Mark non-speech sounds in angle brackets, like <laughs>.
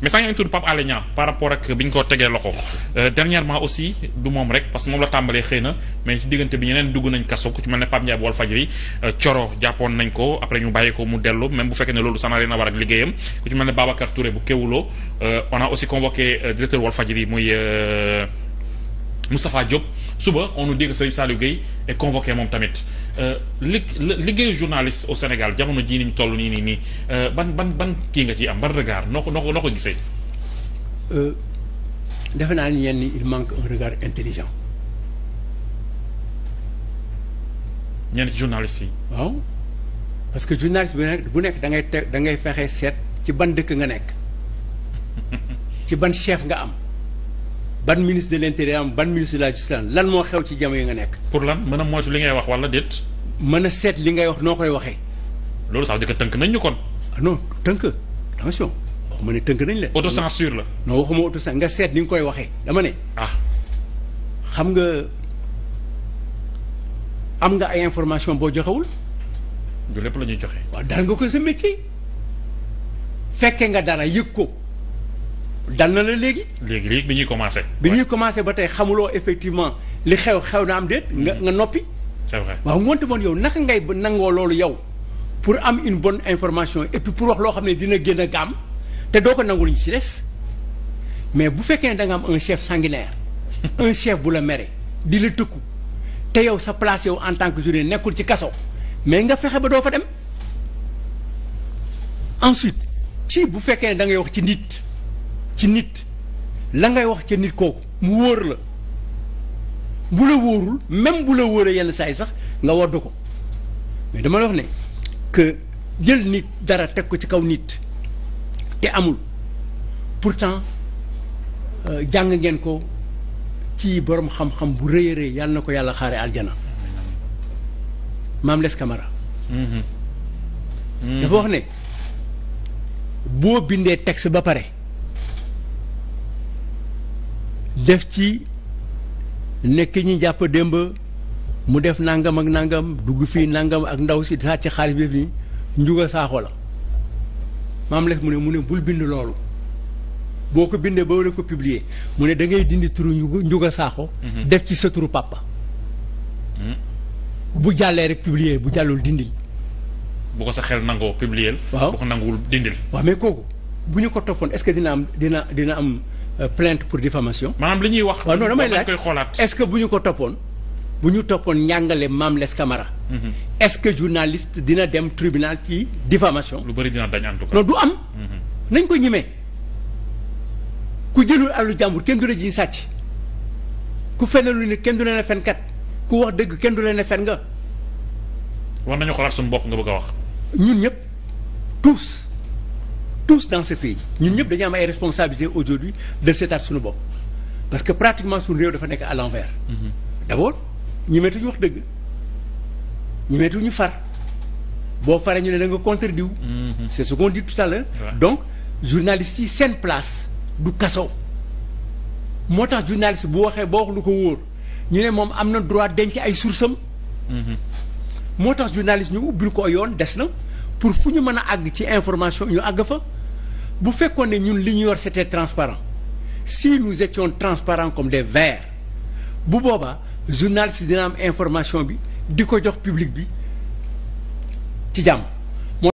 mais saa ngi tudd Pape Alé Niang par rapport ak bi ñu ko tegee loxo euh, dernièrement aussi du moom rek parce que moom la tàmbalee xëy na mais ci diggante bi ñeneen dugg nañ kaso ku ci mel ne Pape Ndiaye bu Walfadjri Coro euh, jàppoon nañ ko après ñu bàyyi ko mu dellu même bu fekkee ne loolu ça n'a rien à voir ak liggéeyam ku ci mel ne Babacar Touré bu Kéwoulo euh, on a aussi convoqué directeur Walfadjri muy Moustapha Diop suba on nous dit que Serigne Saliou Gueye moom tamit euh, li liggéeyu journaliste au Sénégal jamono jii niñ toll nii nii nii euh, ban ban ban kii nga ci am ban regard noo ko noo ko noo gisee. Euh, defe naa ni yenn il manque un regard intelligent. ñenn ci yi. waaw parce que journaliste bu nekk bu nekk da ngay te da ngay fexe seet ci ban dëkk nga nekk <laughs> ci ban chef nga am. ban ministre de l' intérieur am ban ministre de la justice lan moo xew ci jamono yi nga nekk. pour lan mën a moytu li ngay wax wala déet. mën a seet li ngay wax noo koy waxee. loolu sax veut dire tënk nañ ñu kon. Ah non tënk attention waxuma ne tënk nañ la. noo la. non waxuma autocensure nga seet ni nga koy waxee dama ne. ah xam nga am nga ay information boo joxewul. du lépp la ñuy joxe. waaw daal nga ko sa métier. fekke nga dara yëg ko. dal na la léegi. léegi léegi bi ñuy commencé. bi ñuy commencé ba tey xamuloo effectivement li xew xew na am déet nga nga noppi. c'est vrai waaw ngoonte moon yow naka ngay nangoo loolu yow pour am une bonne information et pour wax loo xam ne dina génn a gaam te doo ko nangul ñu ci des mais bu fekkee ne da nga am un chef sanguinaire <laughs> un chef bu la mere di la tëkku te yow sa place yow en tant que juré nekkul ci kaso mais nga fexe ba doo fa dem ensuite ci bu fekkee ne da ngay wax ci nit. ci nit la ngay wax ca nit kooku mu wóor la bu la wóorul même bu la wóoree yenn saa sax nga wodd ko mais dama la wax ne que jël nit dara teg ko ci kaw nit te amul pourtant euh, jàng ngeen ko ci boroom xam-xam bu rëy a yàlla na ko yàlla xaare aljana Mame Less Camara mm-hmm. dafa wax ne boo bindee texte ba pare def ci nekk ñi jàpp démb mu def nangam ak nangam dugg fii nangam ak ndaw si ci xaalis bi nii njuga saaxo la maam les mu ne mu ne bul bind loolu boo ko bindee ba la ko publier mu ne dangay dindi turu njuga saaxo mhm. def ci sa turu papa hmm. bu jàllee rek publier bu jàllul dindil bu ko sa xel nangoo publier waaw bu ko nanguwul dindil waaw mais kooku bu ñu ko toppoon est dina am dina dina am Euh, plainte pour diffamation maanaam li ñuy wax waaw non damay laaj koy xoolaat est-ce que bu ñu ko toppoon bu ñu toppoon njàngale Mame Less Camara mhm. est-ce que journaliste dina dem tribunal ci diffamation lu bari dina dañ en tout cas du am mhm. nañ ko ñemee ku jëlul àllu jàmbur kenn du la jiñ sàcc ku lu ne kenn du leen a fenkat ku wax dëgg kenn du leen a fen nga war nañu xoolaat suñu bopp nga bëgg a wax ñun ñëpp tous tous dans ce pays ñun ñëpp dañu am ay responsabilités aujourd'hui de seetaat suñu bopp parce que pratiquement suñu réew dafa nekk à l'envers mhm. d'abord ñu meetuñu wax dëgg ñu meetuñu far boo faree ñu ne da nga contre diw mhm. c'est ce qu'on donc journalistes yi seen place du kaso moo tax journaliste bu waxee boo wax lu ko wóor ñu ne moom am na droit denc ay sources mhm. moo tax journaliste ñu ubbil ko yoon des na pour fu ñu mën a àgg ci information ñu àgg fa bu fekkoon ne ñun li ñu yor c'était transparent si nous étions transparents comme des vers bu boobaa journaliste dina am information bi di ko jox public bi ci jàmm